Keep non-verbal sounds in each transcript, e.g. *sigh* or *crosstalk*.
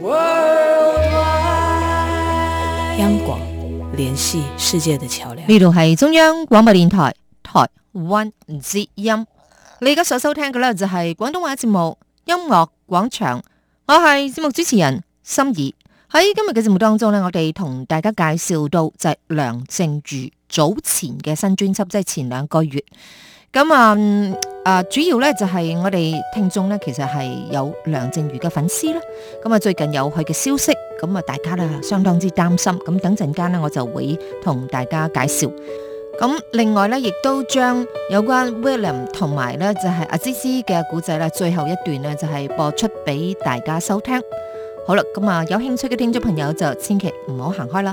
World wide, 央廣聯繫世界的橋樑，呢度係中央廣播電台台灣之音。你而家所收聽嘅呢，就係廣東話節目音樂廣場。我係節目主持人心儀，喺今日嘅節目當中呢，我哋同大家介紹到就係梁靜茹早前嘅新專輯，即係前兩個月。咁、嗯、啊，誒，主要咧就係、是、我哋聽眾咧，其實係有梁靜茹嘅粉絲啦。咁啊，最近有佢嘅消息，咁啊，大家咧相當之擔心。咁等陣間呢，我就會同大家介紹。咁另外咧，亦都將有關 William 同埋咧，就係、是、阿芝芝嘅古仔咧，最後一段呢就係、是、播出俾大家收聽。好啦，咁啊，有興趣嘅聽眾朋友就千祈唔好行開啦。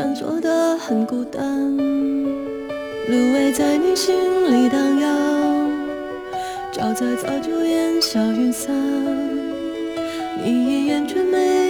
閃爍的很孤單，蘆葦在你心裏蕩漾，沼澤早就煙消雲散，你已厭倦。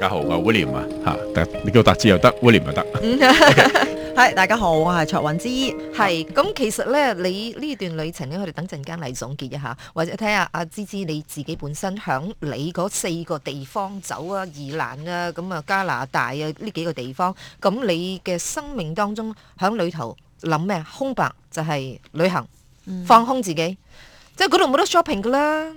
大家好，我係 William 啊，吓，你叫達志又得，William 又得，係，大家好，我係卓韻芝。係咁其實咧，你呢段旅程咧，我哋等陣間嚟，總結一下，或者睇下阿芝芝你自己本身響你嗰四個地方走啊，宜蘭啊，咁啊加拿大啊呢，幾個地方，咁你嘅生命當中響裏頭諗咩？空白就係旅行，放空自己，即係嗰度冇得 shopping 噶啦。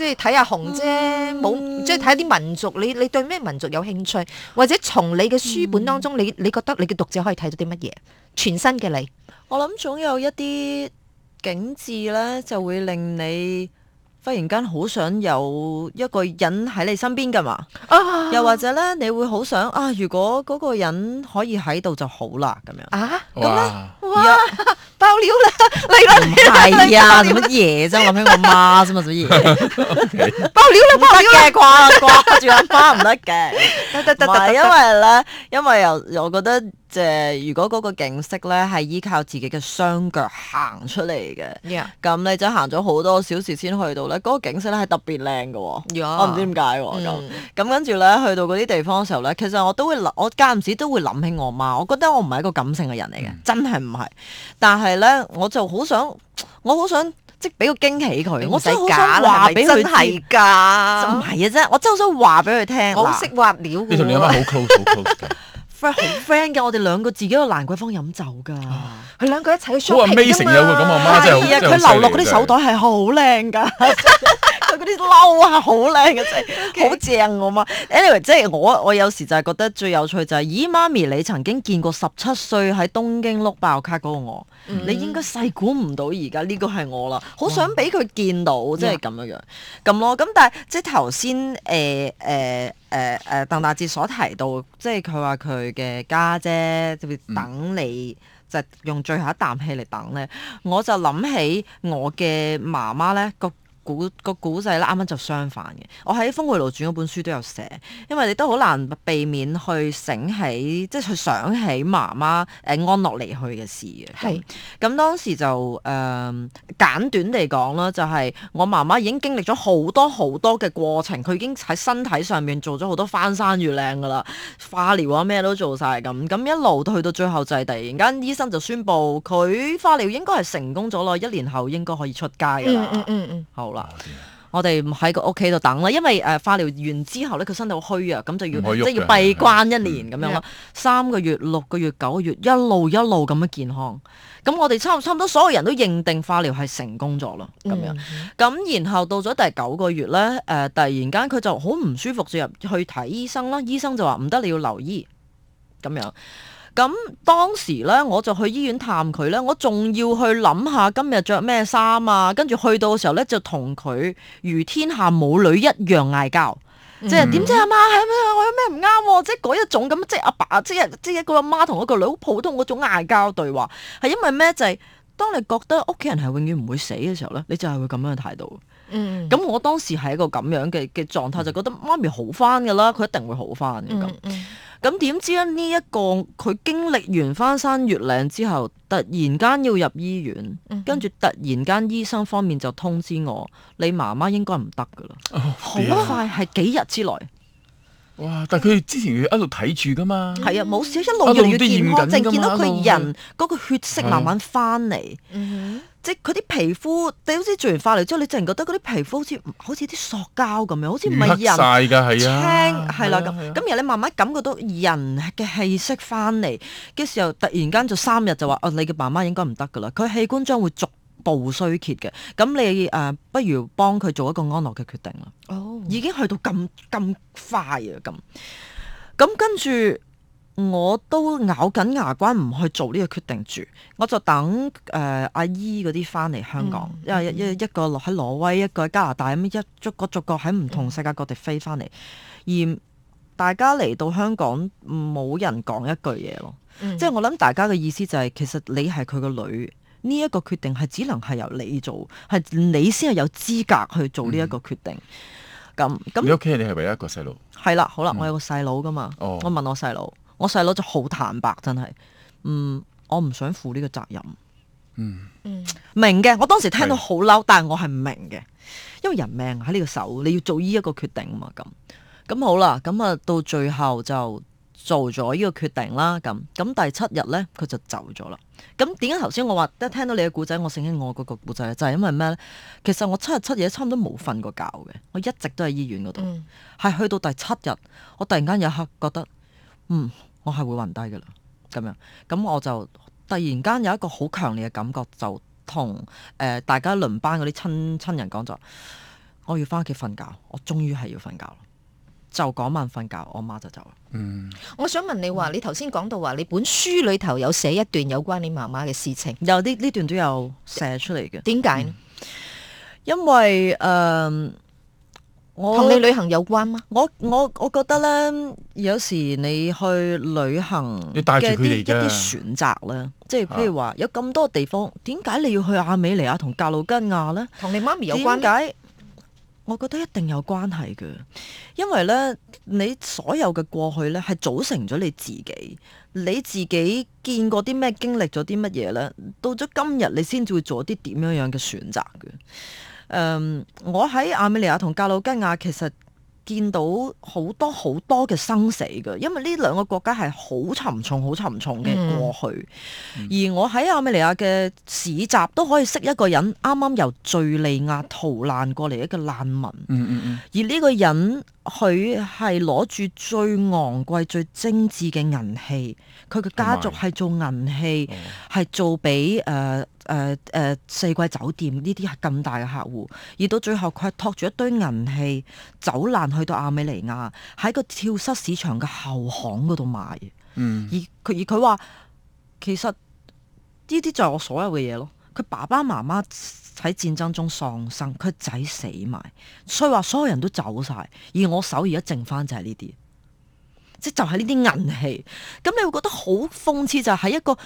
即係睇下紅啫，冇、嗯、即係睇啲民族。你你對咩民族有興趣？或者從你嘅書本當中，你、嗯、你覺得你嘅讀者可以睇到啲乜嘢？全新嘅你，我諗總有一啲景緻咧，就會令你。忽然間好想有一個人喺你身邊噶嘛？又或者咧，你會好想啊？如果嗰個人可以喺度就好啦，咁樣。啊？哇！哇！爆料啦！係呀，做乜嘢啫？諗起我媽啫嘛，做乜嘢？爆料啦！唔得嘅，掛掛住阿花唔得嘅。唔係因為咧，因為又我覺得。即係如果嗰個景色咧係依靠自己嘅雙腳行出嚟嘅，咁 Yeah. 你就行咗好多小時先去到咧，嗰、嗰個景色咧係特別靚嘅。Yeah. 我唔知點解喎咁。咁、嗯、跟住咧去到嗰啲地方嘅時候咧，其實我都會，我間唔時都會諗起我媽。我覺得我唔係一個感性嘅人嚟嘅，嗯、真係唔係。但係咧，我就好想，我好想即係俾個驚喜佢。我真係好想話俾佢，係噶，唔係嘅啫，我真係想話俾佢聽，我識畫料嘅。你同你阿媽好 close，好 close 嘅。friend 好 friend 嘅，我哋兩個自己個蘭桂坊飲酒噶，佢兩個一齊去 shopping 啊嘛。佢留落嗰啲手袋係好靚噶，佢嗰啲褸啊好靚嘅，真係好正。我媽 *laughs* anyway 即係我我有時就係覺得最有趣就係、是，咦媽咪你曾經見過十七歲喺東京碌爆卡嗰個我，嗯嗯，你應該細估唔到而家呢個係我啦，好想俾佢見到，即係咁樣樣咁咯。咁但係即係頭先誒誒。誒誒、呃，鄧大志所提到，即係佢話佢嘅家姐，等你、嗯、就用最後一啖氣嚟等咧，我就諗起我嘅媽媽咧個。古、那個古仔咧，啱啱就相反嘅。我喺《峰回路轉》嗰本書都有寫，因為你都好難避免去醒起，即係去想起媽媽誒安樂離去嘅事嘅。係是。咁當時就誒、呃、簡短地講啦，就係、是、我媽媽已經經歷咗好多好多嘅過程，佢已經喺身體上面做咗好多翻山越嶺噶啦，化療啊咩都做晒。咁，咁一路都去到最後就係、是、突然間醫生就宣布佢化療應該係成功咗咯，一年後應該可以出街嘅啦、嗯。嗯嗯嗯。好。我哋唔喺個屋企度等啦，因為誒化療完之後咧，佢身體好虛啊，咁就要即係要閉關一年咁、嗯、樣咯，三、嗯、個月、六個月、九個月一路一路咁樣健康，咁我哋差唔多所有人都認定化療係成功咗啦，咁樣，咁、嗯、然後到咗第九個月咧，誒、呃、突然間佢就好唔舒服，就入去睇醫生啦，醫生就話唔得，你要留醫，咁樣。咁當時咧，我就去醫院探佢咧，我仲要去諗下今日着咩衫啊，跟住去到嘅時候咧，就同佢如天下母女一樣嗌交，即係點、嗯、知阿媽係咩？我有咩唔啱？即係嗰一種咁，即係阿爸，爸即係即係一個阿媽同一個女好普通嗰種嗌交對話，係因為咩？就係、是、當你覺得屋企人係永遠唔會死嘅時候咧，你就係會咁樣嘅態度。嗯，咁我當時係一個咁樣嘅嘅狀態，嗯、就覺得媽咪好翻噶啦，佢一定會好翻嘅咁。咁點、嗯嗯、知呢、呢個？呢一個佢經歷完翻山越嶺之後，突然間要入醫院，嗯、跟住突然間醫生方面就通知我，你媽媽應該唔得噶啦，好快係幾日之內。 *laughs* *laughs* 哇！但係佢之前佢一路睇住噶嘛，係、嗯、啊，冇事一路，我都要驗緊噶嘛。見到佢人嗰個血色慢慢翻嚟，嗯、哼即係佢啲皮膚，你好似做完化療之後，你突然覺得嗰啲皮膚好似好似啲塑膠咁樣，好似唔係人。晒噶係啊，青係啦咁。咁、啊、然後你慢慢感覺到人嘅氣息翻嚟嘅時候，突然間就三日就話，哦，你嘅爸媽應該唔得噶啦，佢器官將會逐步衰竭嘅，咁你誒、呃，不如幫佢做一個安樂嘅決定啦。哦，oh. 已經去到咁咁快啊，咁咁跟住，我都咬緊牙關唔去做呢個決定住，我就等誒、呃、阿姨嗰啲翻嚟香港，因為一一個落喺挪威，一個喺加拿大，咁一逐個逐個喺唔同世界各地飛翻嚟，mm hmm. 而大家嚟到香港冇人講一句嘢咯，mm hmm. 即係我諗大家嘅意思就係、是，其實你係佢個女。呢一個決定係只能係由你做，係你先係有資格去做呢一個決定。咁咁、嗯，你屋企你係唯一一個細路，係啦，好啦，嗯、我有個細佬噶嘛。哦、我問我細佬，我細佬就好坦白，真係，嗯，我唔想負呢個責任。嗯，明嘅。我當時聽到好嬲，的但係我係唔明嘅，因為人命喺呢個手，你要做呢一個決定嘛。咁咁好啦，咁啊到最後就。做咗呢個決定啦，咁咁第七日呢，佢就走咗啦。咁點解頭先我話一聽到你嘅故仔，我醒起我嗰個故仔就係、是、因為咩呢？其實我七日七夜差唔多冇瞓過覺嘅，我一直都喺醫院嗰度，係、嗯、去到第七日，我突然間有一刻覺得，嗯，我係會暈低噶啦，咁樣，咁我就突然間有一個好強烈嘅感覺，就同誒、呃、大家輪班嗰啲親親人講就，我要翻屋企瞓覺，我終於係要瞓覺。就嗰晚瞓覺，我媽就走啦。嗯，我想問你話，嗯、你頭先講到話，你本書裏頭有寫一段有關你媽媽嘅事情，有啲呢段都有寫出嚟嘅。點解？因為誒、呃，我同你旅行有關嗎？我我我覺得咧，有時你去旅行要嘅一啲選擇咧，即係譬如話、啊、有咁多地方，點解你要去亞美尼亞同格魯吉亞咧？同你媽咪有關？解？我覺得一定有關係嘅，因為咧，你所有嘅過去咧係組成咗你自己，你自己見過啲咩，經歷咗啲乜嘢咧，到咗今日你先至會做啲點樣樣嘅選擇嘅。Um, 我喺亞美尼亞同格魯吉亞其實。見到好多好多嘅生死嘅，因為呢兩個國家係好沉重、好沉重嘅過去。嗯、而我喺亞美尼亞嘅市集都可以識一個人，啱啱由敍利亞逃難過嚟一個難民。嗯嗯嗯、而呢個人佢係攞住最昂貴、最精緻嘅銀器。佢嘅家族係做銀器，係、嗯、做俾誒誒誒四季酒店呢啲係咁大嘅客戶，而到最後佢係托住一堆銀器走難去到亞美尼亞，喺個跳蚤市場嘅後巷嗰度賣。嗯，而佢而佢話其實呢啲就係我所有嘅嘢咯。佢爸爸媽媽喺戰爭中喪生，佢仔死埋，所以話所有人都走晒。而我手而家剩返就係呢啲。即就係呢啲銀器，咁你會覺得好諷刺，就係一個。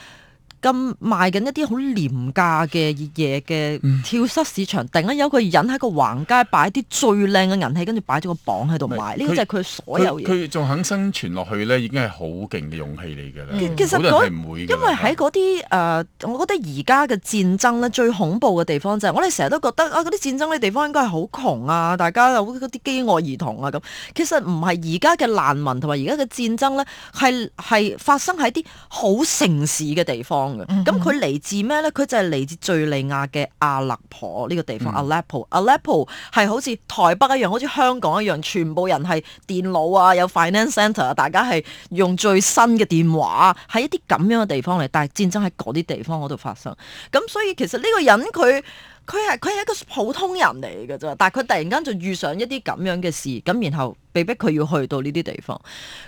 咁賣緊一啲好廉價嘅熱嘢嘅跳蚤市場，嗯、突然間有個人喺個橫街擺啲最靚嘅銀器，跟住擺咗個榜喺度賣，呢它個就係佢所有嘢。佢仲肯生存落去咧，已經係好勁嘅勇氣嚟嘅啦。其實唔會因為喺嗰啲誒，我覺得而家嘅戰爭咧，最恐怖嘅地方就係我哋成日都覺得啊，嗰啲戰爭嘅地方應該係好窮啊，大家嗰啲飢餓兒童啊咁。其實唔係，而家嘅難民同埋而家嘅戰爭咧，係係發生喺啲好城市嘅地方。咁佢嚟自咩咧？佢就係嚟自敘利亞嘅阿勒婆呢個地方，Aleppo。Aleppo 係、嗯、好似台北一樣，好似香港一樣，全部人係電腦啊，有 finance center 啊。大家係用最新嘅電話喺一啲咁樣嘅地方嚟，但係戰爭喺嗰啲地方嗰度發生。咁所以其實呢個人佢佢係佢係一個普通人嚟㗎啫，但係佢突然間就遇上一啲咁樣嘅事，咁然後，被逼佢要去到呢啲地方，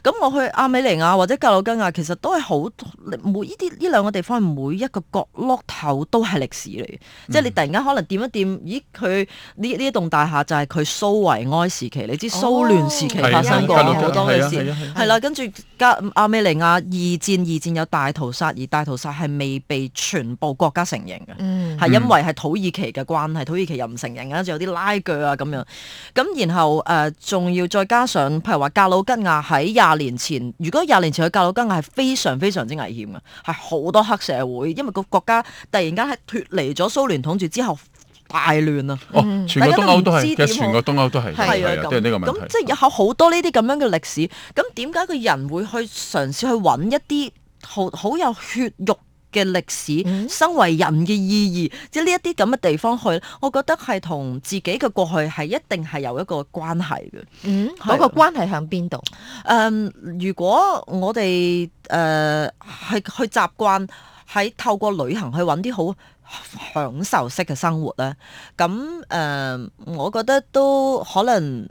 咁我去阿美尼亞或者格魯吉亞其實都係好每呢啲呢兩個地方每一個角落頭都係歷史嚟嘅，嗯、即係你突然間可能掂一掂咦，佢呢呢一棟大廈就係佢蘇維埃時期，你知蘇聯時期發生過好多嘅事，係啦，跟住加阿美尼亞二戰二戰有大屠殺，而大屠殺係未被全部國家承認嘅，係、嗯、因為係土耳其嘅關係，土耳其又唔承認啦，仲有啲拉鋸啊咁樣，咁然後誒仲、呃、要再加。加上，譬如話格魯吉亞喺廿年前，如果廿年前嘅格魯吉亞係非常非常之危險嘅，係好多黑社會，因為個國家突然間係脫離咗蘇聯統治之後大亂啊。嗯、哦，全個東歐都係嘅、嗯，全個東歐都係，係啊，對呢個問題。咁即係有好多呢啲咁樣嘅歷史，咁點解個人會去嘗試去揾一啲好好有血肉嘅歷史，身為人嘅意義，即係呢一啲咁嘅地方去，我覺得係同自己嘅過去係一定係有一個關係嘅。嗯，嗰個以關係喺邊度？誒、嗯，如果我哋誒係去習慣喺透過旅行去揾啲好享受式嘅生活咧，咁誒、呃，我覺得都可能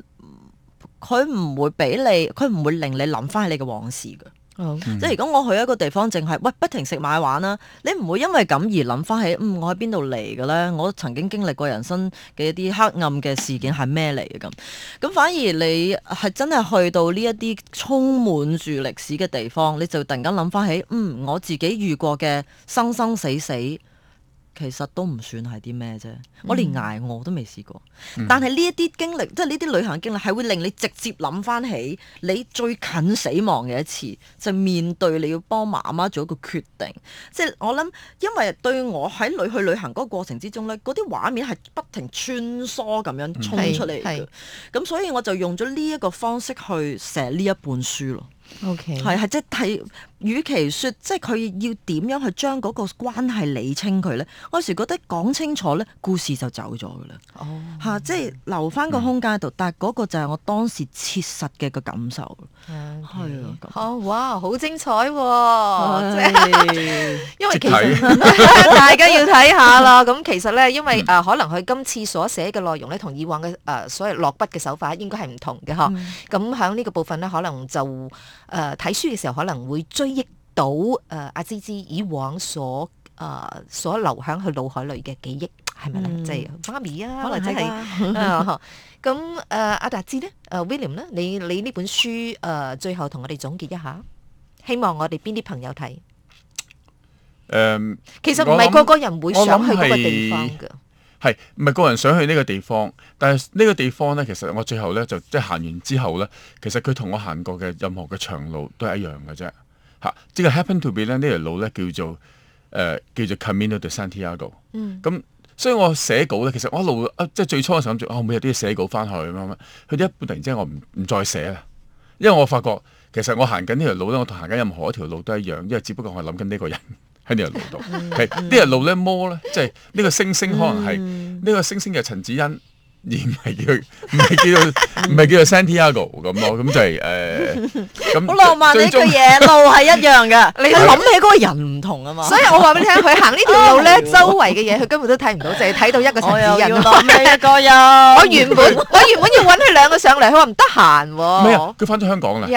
佢唔會俾你，佢唔會令你諗翻你嘅往事嘅。嗯、即係如果我去一個地方，淨係喂不停食買玩啦，你唔會因為咁而諗翻起，嗯，我喺邊度嚟嘅咧？我曾經經歷過人生嘅一啲黑暗嘅事件係咩嚟嘅咁？咁、嗯、反而你係真係去到呢一啲充滿住歷史嘅地方，你就突然間諗翻起，嗯，我自己遇過嘅生生死死，死。其實都唔算係啲咩啫，嗯、我連捱餓都未試過。嗯、但係呢一啲經歷，即係呢啲旅行經歷，係會令你直接諗返起你最近死亡嘅一次，就是、面對你要幫媽媽做一個決定。即、就、係、是、我諗，因為對我喺旅去旅行嗰個過程之中咧，嗰啲畫面係不停穿梭咁樣衝出嚟嘅。咁、嗯、所以我就用咗呢一個方式去寫呢一本書咯。O K，係係，即係，與其說即係佢要點樣去將嗰個關係理清佢咧，我有時覺得講清楚咧，故事就走咗噶啦。哦，吓，即係留翻個空間喺度，嗯、但係嗰個就係我當時切實嘅個感受。O Okay .係、那個 oh, wow, 啊，吓哇，好精彩喎！ *laughs* 大家要睇下啦，咁其實咧，因為誒可能佢今次所寫嘅內容咧，同以往嘅誒所謂落筆嘅手法應該係唔同嘅嗬。咁喺呢個部分咧，可能就誒睇、呃、書嘅時候，可能會追憶到誒阿、呃、芝芝以往所誒、呃、所留喺佢腦海裏嘅記憶，係咪咧，即係媽咪啊，可能即係咁誒阿達芝咧，誒 William 咧，你你呢本書誒、呃、最後同我哋總結一下，希望我哋邊啲朋友睇。誒，um, 其實唔係個個人會想，想，想去呢個地方嘅，係唔係個人想去呢個地方？但係呢個地方咧，其實我最後咧就即係行完之後咧，其實佢同我行過嘅任何嘅長路都係一樣嘅啫。吓、啊，即、就、係、是、happen to be 呢條、這個、路咧叫做誒、呃、叫做 Camino de Santiago。咁所以我寫稿咧，其實我一路即係最初嘅時候，我每日都要寫稿翻去咁樣。佢一突然之間我唔唔再寫啦，因為我發覺其實我行緊呢條路咧，我同行緊任何一條路都一樣，因為只不過我諗緊呢個人。喺啲人路度，係啲人路咧摸咧，即係呢個星星可能係呢 *laughs* 個星星嘅陳子欣。而唔係叫唔係叫做唔係叫做 Santiago 咁咯，咁就係誒咁。好浪漫嘅嘢路係一樣嘅，你諗起嗰個人唔同啊嘛。所以我話俾你聽，佢行呢條路咧，周圍嘅嘢佢根本都睇唔到，淨係睇到一個情人。我又要落個人？我原本我原本要揾佢兩個上嚟，佢話唔得閒喎。唔係啊，佢翻咗香港啦。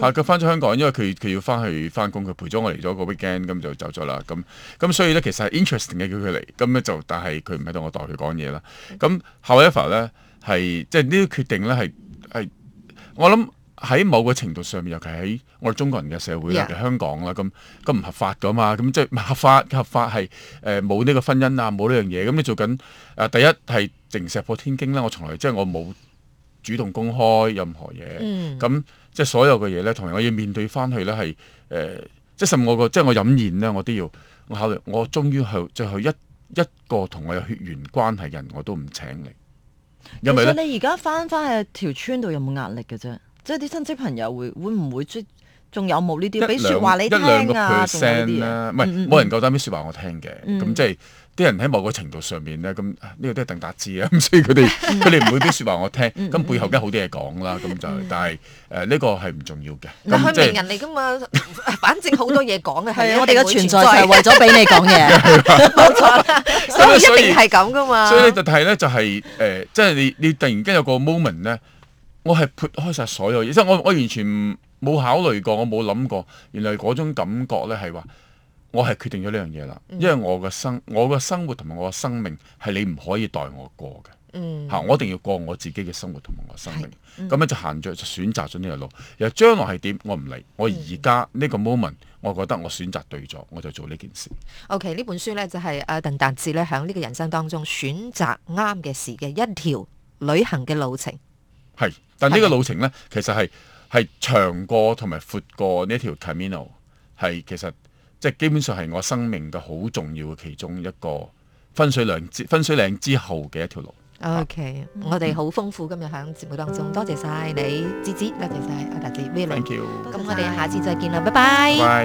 佢翻咗香港，因為佢佢要翻去翻工，佢陪咗我嚟咗個 weekend，咁就走咗啦。咁咁所以咧，其實係 interesting 嘅叫佢嚟，咁咧就但係佢唔喺度，我代佢講嘢啦。咁後一翻咧。咧，係即係呢啲決定咧，係係我諗喺某個程度上面，尤其喺我哋中國人嘅社會 Yeah. 尤其香港啦，咁咁唔合法噶嘛，咁即係合法，合法係誒冇呢個婚姻啊，冇呢樣嘢，咁你做緊誒、啊、第一係淨石破天驚啦，我從來即係、就是、我冇主動公開任何嘢，咁即係所有嘅嘢咧，同埋我要面對翻去咧係誒，即係甚我個即係我飲宴咧，我都要我考慮，我終於係最後一最後一個同我有血緣關係人，我都唔請你。咁所以你而家翻翻去條村度有冇壓力嘅啫？即係啲親戚朋友會會唔會即仲有冇呢啲俾説話你聽啊？仲有啲嘢，一兩個 percent 啦，唔係冇人夠膽俾説話我聽嘅，咁、嗯、即係。啲人喺某個程度上面咧，咁呢、啊這個都係鄧達志啊，咁所以佢哋佢哋唔會畀説話我聽，咁 *laughs* 背後梗係好啲嘢講啦，咁就， *laughs* 但係誒呢個係唔重要嘅。嗱、就是，佢名人嚟噶嘛， *laughs* 反正好多嘢講嘅係我哋嘅存在，就係為咗畀你講嘢。冇錯 *laughs* 所以，所以一定係咁噶嘛所。所以咧就係、是、咧、呃、就係、是、誒，即、呃、係、就是、你你，你突然間有個 moment 咧，我係撇開晒所有嘢，即係我我完全冇考慮過，我冇諗過，原來嗰種感覺咧係話。我係決定咗呢樣嘢啦，因為我嘅生我嘅生活同埋我嘅生命係你唔可以代我過嘅，吓、嗯、我一定要過我自己嘅生活同埋我嘅生命。咁、嗯、樣就行着，就選擇咗呢條路。又將來係點我唔理，我而家呢個 moment，我覺得我選擇對咗，我就做呢件事。嗯、OK，呢本書呢就係阿鄧達志咧響呢個人生當中選擇啱嘅事嘅一條旅行嘅路程。係，但呢個路程呢，其實係係是長過同埋闊過呢條 Camino 係其實。即係基本上係我生命嘅好重要嘅其中一個分水嶺之分水嶺之後嘅一條路。OK，我哋好豐富今日響節目當中，多謝曬你，芝芝，多謝曬阿達姐，非常感謝。咁我哋下次再見啦，拜拜。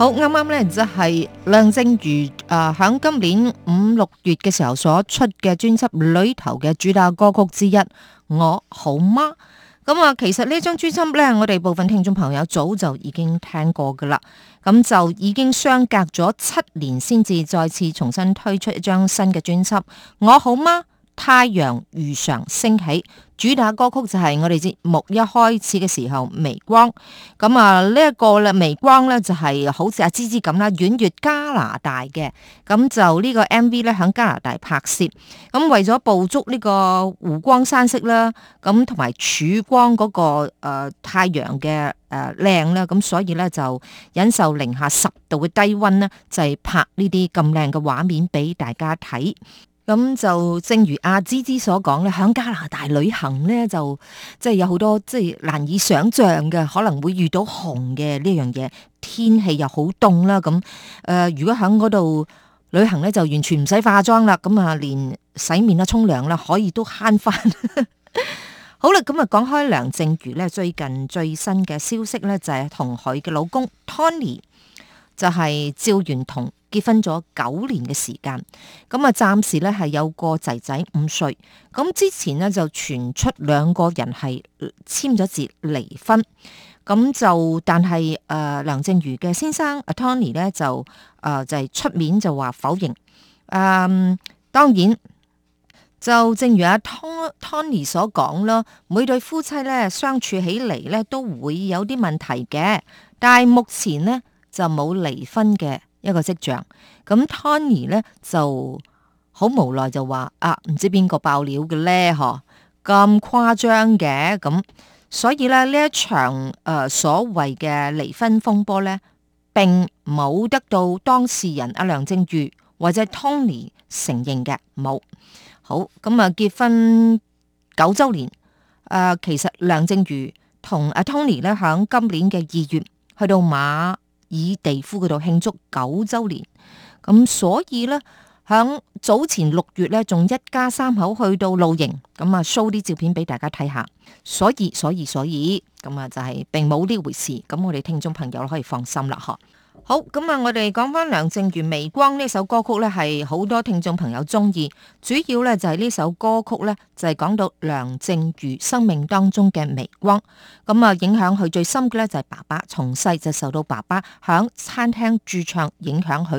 好啱啱呢，就係梁靜茹啊，喺、呃、今年五六月嘅時候所出嘅專輯裏頭嘅主打歌曲之一《我好嗎》？咁、嗯、啊，其實呢張專輯呢，我哋部分聽眾朋友早就已經聽過噶啦，咁、嗯、就已經相隔咗七年先至再次重新推出一張新嘅專輯《我好嗎》。太陽如常升起，主打歌曲就係我哋節目一開始嘅時候，微光。咁、嗯、啊，呢、這、一個咧，微光咧就係、是、好似阿芝芝咁啦，遠越加拿大嘅。咁、嗯、就呢個 MV 咧，響加拿大拍攝。咁、嗯、為咗捕捉呢個湖光山色啦，咁同埋曙光嗰、那個誒、呃、太陽嘅誒靚啦，咁所以咧就忍受零下十度嘅低溫咧，就係拍呢啲咁靚嘅畫面俾大家睇。咁就正如阿芝芝所講咧，喺加拿大旅行咧，就即係有好多即係難以想像嘅，可能會遇到熊嘅呢樣嘢，天氣又好凍啦咁。誒、呃，如果喺嗰度旅行咧，就完全唔使化妝啦，咁啊，連洗面啦、沖涼啦，可以都慳翻。 *laughs* 好啦，咁啊，講開梁靜茹咧，最近最新嘅消息咧，就係同佢嘅老公 Tony 就係趙元同。結婚咗九年嘅時間，咁、嗯、啊，暫時咧係有個仔仔五歲。咁、嗯、之前呢，就傳出兩個人係簽咗字離婚，咁、嗯、就但係誒、呃、梁靜茹嘅先生、啊、Tony 呢，就誒、呃、就係、是、出面就話否認。誒、嗯、當然就正如阿、啊、Tony 所講啦，每對夫妻咧相處起嚟咧都會有啲問題嘅，但係目前呢，就冇離婚嘅一個跡象，咁 Tony 咧就好無奈就話啊，唔知邊個爆料嘅咧，嗬咁誇張嘅咁、啊，所以咧呢一場誒、呃、所謂嘅離婚風波咧，並冇得到當事人阿梁靜茹或者 Tony 承認嘅冇。好咁啊、嗯，結婚九周年誒、呃，其實梁靜茹同阿 Tony 咧響今年嘅二月去到馬。以地夫嗰度慶祝九周年，咁所以呢，響早前六月呢，仲一家三口去到露營，咁啊 show 啲照片俾大家睇下，所以所以所以，咁啊就係並冇呢回事，咁我哋聽眾朋友可以放心啦，呵。好咁啊！我哋講翻梁靜茹《微光》呢首歌曲咧，係好多聽眾朋友中意。主要咧就係呢首歌曲咧，就係、是、講到梁靜茹生命當中嘅微光。咁啊、嗯，影響佢最深嘅咧就係爸爸，從細就受到爸爸響餐廳駐唱影響佢。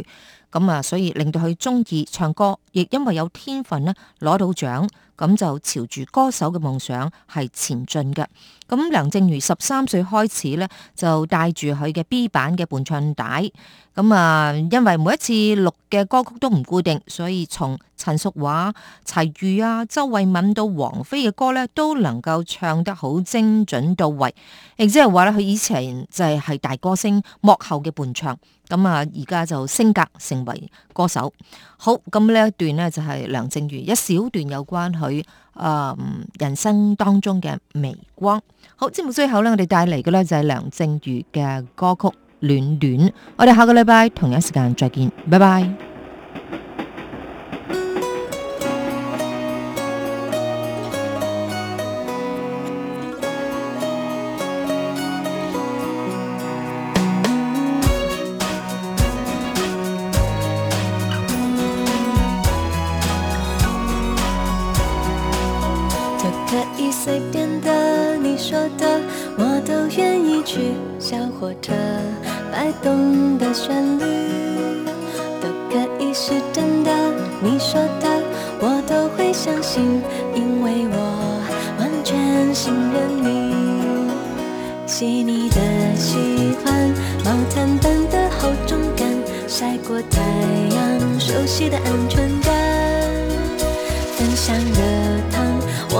咁、嗯、啊，所以令到佢中意唱歌，亦因為有天分呢攞到獎。咁就朝住歌手嘅夢想係前進嘅。咁梁靜茹十三歲開始咧，就帶住佢嘅 B 版嘅伴唱帶。咁啊，因為每一次錄嘅歌曲都唔固定，所以從陳淑樺、齊豫啊、周慧敏到王菲嘅歌咧，都能夠唱得好精準到位，亦即係話咧，佢以前就係係大歌星幕後嘅伴唱，咁啊而家就升格成為歌手。好，咁呢一段呢，就係梁靜茹一小段有關佢誒人生當中嘅微光。好，節目最後呢，我哋帶嚟嘅呢，就係梁靜茹嘅歌曲《暖暖》。我哋下個禮拜同一時間再見，拜拜。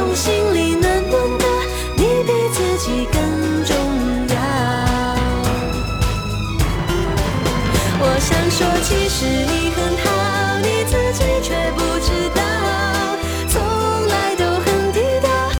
從心裡。